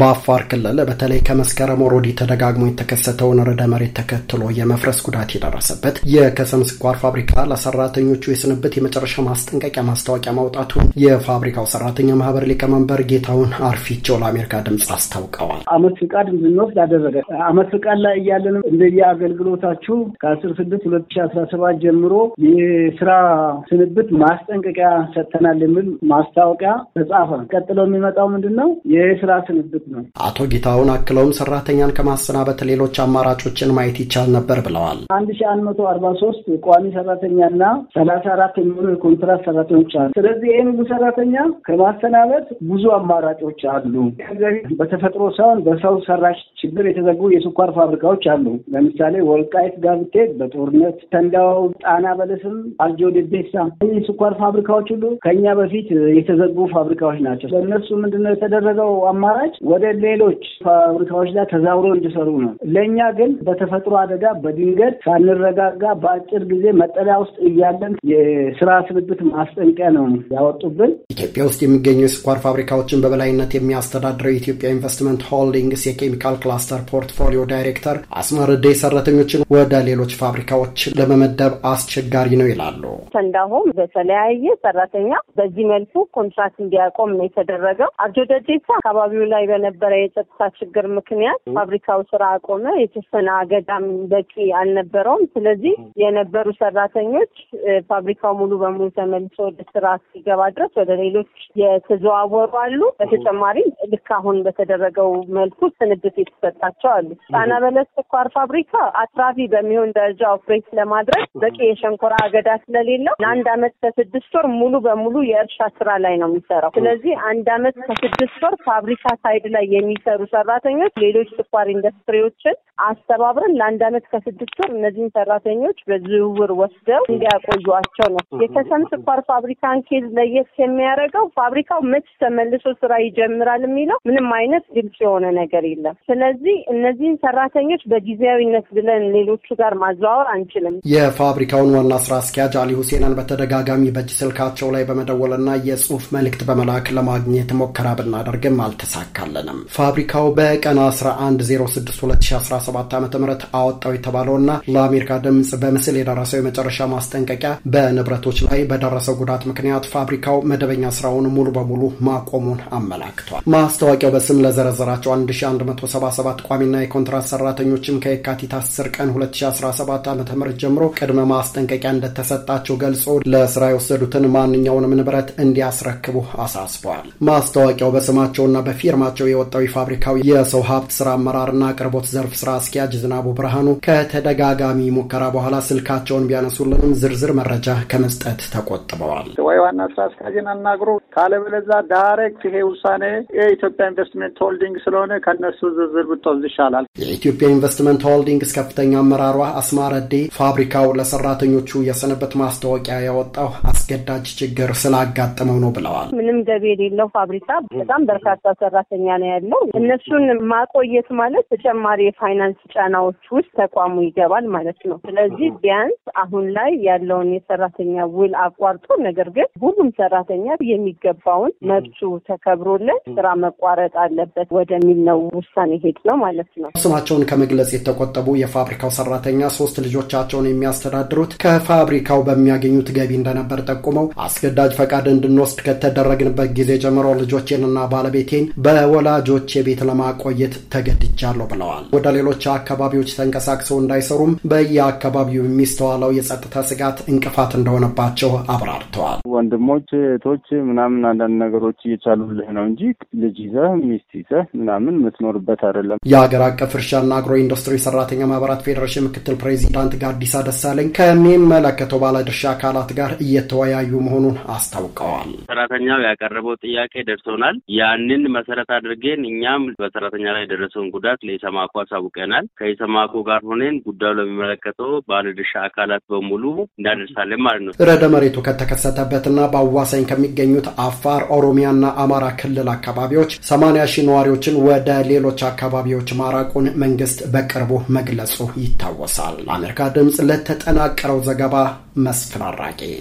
በአፋር ክልል በተለይ ከመስከረም ወር ወዲህ ተደጋግሞ የተከሰተውን ርዕደ መሬት ተከትሎ የመፍረስ ጉዳት የደረሰበት የከሰም ስኳር ፋብሪካ ለሰራተኞቹ የስንብት የመጨረሻ ማስጠንቀቂያ ማስታወቂያ ማውጣቱን የፋብሪካው ሰራተኛ ማህበር ሊቀመንበር ጌታውን አርፊቸው ለአሜሪካ ድምፅ አስታውቀዋል። አመት ፍቃድ እንድንወስድ አደረገ። አመት ፍቃድ ላይ እያለን እንደየ አገልግሎታችሁ ከአስር ስድስት ሁለት ሺ አስራ ሰባት ጀምሮ የስራ ስንብት ማስጠንቀቂያ ሰጥተናል የሚል ማስታወቂያ ተጻፈ። ቀጥሎ የሚመጣው ምንድን ነው? የስራ ስንብት ማለት ነው። አቶ ጌታሁን አክለውም ሰራተኛን ከማሰናበት ሌሎች አማራጮችን ማየት ይቻል ነበር ብለዋል። አንድ ሺ አንድ መቶ አርባ ሶስት ቋሚ ሰራተኛና ሰላሳ አራት የሚሆኑ የኮንትራት ሰራተኞች አሉ። ስለዚህ ይህን ሁሉ ሰራተኛ ከማሰናበት ብዙ አማራጮች አሉ። በተፈጥሮ ሳይሆን በሰው ሰራሽ ችግር የተዘጉ የስኳር ፋብሪካዎች አሉ። ለምሳሌ ወልቃይት ጋር በጦርነት ተንዳው፣ ጣና በለስም፣ አርጆ ደቤሳ የስኳር ፋብሪካዎች ሁሉ ከኛ በፊት የተዘጉ ፋብሪካዎች ናቸው። በእነሱ ምንድነው የተደረገው አማራጭ ወደ ሌሎች ፋብሪካዎች ላይ ተዛውሮ እንዲሰሩ ነው። ለእኛ ግን በተፈጥሮ አደጋ በድንገት ሳንረጋጋ በአጭር ጊዜ መጠለያ ውስጥ እያለን የስራ ስንብት ማስጠንቀቂያ ነው ያወጡብን። ኢትዮጵያ ውስጥ የሚገኙ የስኳር ፋብሪካዎችን በበላይነት የሚያስተዳድረው የኢትዮጵያ ኢንቨስትመንት ሆልዲንግስ የኬሚካል ክላስተር ፖርትፎሊዮ ዳይሬክተር አስመርዴ ሰራተኞችን ወደ ሌሎች ፋብሪካዎች ለመመደብ አስቸጋሪ ነው ይላሉ። እንዳሁም በተለያየ ሰራተኛ በዚህ መልኩ ኮንትራክት እንዲያቆም ነው የተደረገው። አርጆ ደዴሳ አካባቢው ላይ በነበረ የጸጥታ ችግር ምክንያት ፋብሪካው ስራ አቆመ። የተወሰነ አገዳም በቂ አልነበረውም። ስለዚህ የነበሩ ሰራተኞች ፋብሪካው ሙሉ በሙሉ ተመልሶ ወደ ስራ ሲገባ ድረስ ወደ ሌሎች የተዘዋወሩ አሉ። በተጨማሪም ልክ አሁን በተደረገው መልኩ ስንብት የተሰጣቸው አሉ። ጣና በለስ ስኳር ፋብሪካ አትራፊ በሚሆን ደረጃ ኦፕሬት ለማድረግ በቂ የሸንኮራ አገዳ ስለሌለው ለአንድ አመት ከስድስት ወር ሙሉ በሙሉ የእርሻ ስራ ላይ ነው የሚሰራው። ስለዚህ አንድ አመት ከስድስት ወር ፋብሪካ ሳይ ሳይድ ላይ የሚሰሩ ሰራተኞች ሌሎች ስኳር ኢንዱስትሪዎችን አስተባብረን ለአንድ አመት ከስድስት ወር እነዚህን ሰራተኞች በዝውውር ወስደው እንዲያቆዩቸው ነው። የከሰም ስኳር ፋብሪካን ኬዝ ለየት የሚያደርገው ፋብሪካው መች ተመልሶ ስራ ይጀምራል የሚለው ምንም አይነት ግልጽ የሆነ ነገር የለም። ስለዚህ እነዚህን ሰራተኞች በጊዜያዊነት ብለን ሌሎቹ ጋር ማዘዋወር አንችልም። የፋብሪካውን ዋና ስራ አስኪያጅ አሊ ሁሴናን በተደጋጋሚ በእጅ ስልካቸው ላይ በመደወልና የጽሁፍ መልእክት በመላክ ለማግኘት ሞከራ ብናደርግም አልተሳካል። አልተሳካልንም። ፋብሪካው በቀን 11062017 ዓ ም አወጣው የተባለውና ለአሜሪካ ድምፅ በምስል የደረሰው የመጨረሻ ማስጠንቀቂያ በንብረቶች ላይ በደረሰው ጉዳት ምክንያት ፋብሪካው መደበኛ ስራውን ሙሉ በሙሉ ማቆሙን አመላክቷል። ማስታወቂያው በስም ለዘረዘራቸው 1177 ቋሚና የኮንትራት ሰራተኞችም ከየካቲት 10 ቀን 2017 ዓ ም ጀምሮ ቅድመ ማስጠንቀቂያ እንደተሰጣቸው ገልጾ ለስራ የወሰዱትን ማንኛውንም ንብረት እንዲያስረክቡ አሳስበዋል። ማስታወቂያው በስማቸውና በፊርማቸው ስማቸው የወጣው የፋብሪካው የሰው ሀብት ስራ አመራርና አቅርቦት ዘርፍ ስራ አስኪያጅ ዝናቡ ብርሃኑ ከተደጋጋሚ ሙከራ በኋላ ስልካቸውን ቢያነሱልንም ዝርዝር መረጃ ከመስጠት ተቆጥበዋል። ወይ ዋና ስራ አስኪያጅን አናግሩ፣ ካለበለዛ ዳይሬክት ይሄ ውሳኔ የኢትዮጵያ ኢንቨስትመንት ሆልዲንግ ስለሆነ ከነሱ ዝርዝር ብትወስድ ይሻላል። የኢትዮጵያ ኢንቨስትመንት ሆልዲንግስ ከፍተኛ አመራሯ አስማረዴ ፋብሪካው ለሰራተኞቹ የሰንበት ማስታወቂያ ያወጣው አስገዳጅ ችግር ስላጋጠመው ነው ብለዋል። ምንም ገቢ የሌለው ፋብሪካ በጣም በርካታ ሰራተኛ ነው ያለው። እነሱን ማቆየት ማለት ተጨማሪ የፋይናንስ ጫናዎች ውስጥ ተቋሙ ይገባል ማለት ነው። ስለዚህ ቢያንስ አሁን ላይ ያለውን የሰራተኛ ውል አቋርጦ፣ ነገር ግን ሁሉም ሰራተኛ የሚገባውን መብቱ ተከብሮለን ስራ መቋረጥ አለበት ወደሚል ነው ውሳኔ ሄድ ነው ማለት ነው። ስማቸውን ከመግለጽ የተቆጠቡ የፋብሪካው ሰራተኛ ሶስት ልጆቻቸውን የሚያስተዳድሩት ከፋብሪካው በሚያገኙት ገቢ እንደነበር ጠቁመው አስገዳጅ ፈቃድ እንድንወስድ ከተደረግንበት ጊዜ ጀምሮ ልጆቼንና ባለቤቴን በወ ወላጆች የቤት ለማቆየት ተገድጃለሁ ብለዋል። ወደ ሌሎች አካባቢዎች ተንቀሳቅሰው እንዳይሰሩም በየአካባቢው የሚስተዋለው የጸጥታ ስጋት እንቅፋት እንደሆነባቸው አብራርተዋል። ወንድሞች እህቶች ምናምን አንዳንድ ነገሮች እየቻሉልህ ነው እንጂ ልጅ ይዘህ ሚስት ይዘህ ምናምን የምትኖርበት አይደለም። የሀገር አቀፍ እርሻና አግሮ ኢንዱስትሪ ሰራተኛ ማህበራት ፌዴሬሽን ምክትል ፕሬዚዳንት ጋዲሳ ደሳለኝ ከሚመለከተው ባለድርሻ አካላት ጋር እየተወያዩ መሆኑን አስታውቀዋል። ሰራተኛው ያቀረበው ጥያቄ ደርሶናል። ያንን መሰረት አድርገን እኛም በሰራተኛ ላይ የደረሰውን ጉዳት ለኢሰማኮ አሳውቀናል። ከኢሰማኮ ጋር ሆነን ጉዳዩ ለሚመለከተው ባለድርሻ አካላት በሙሉ እንዳደርሳለን ማለት ነው። ረደ መሬቱ ከተከሰተበትና በአዋሳኝ ከሚገኙት አፋር፣ ኦሮሚያና አማራ ክልል አካባቢዎች ሰማንያ ሺህ ነዋሪዎችን ወደ ሌሎች አካባቢዎች ማራቁን መንግስት በቅርቡ መግለጹ ይታወሳል። ለአሜሪካ ድምፅ ለተጠናቀረው ዘገባ መስፍን አራቂ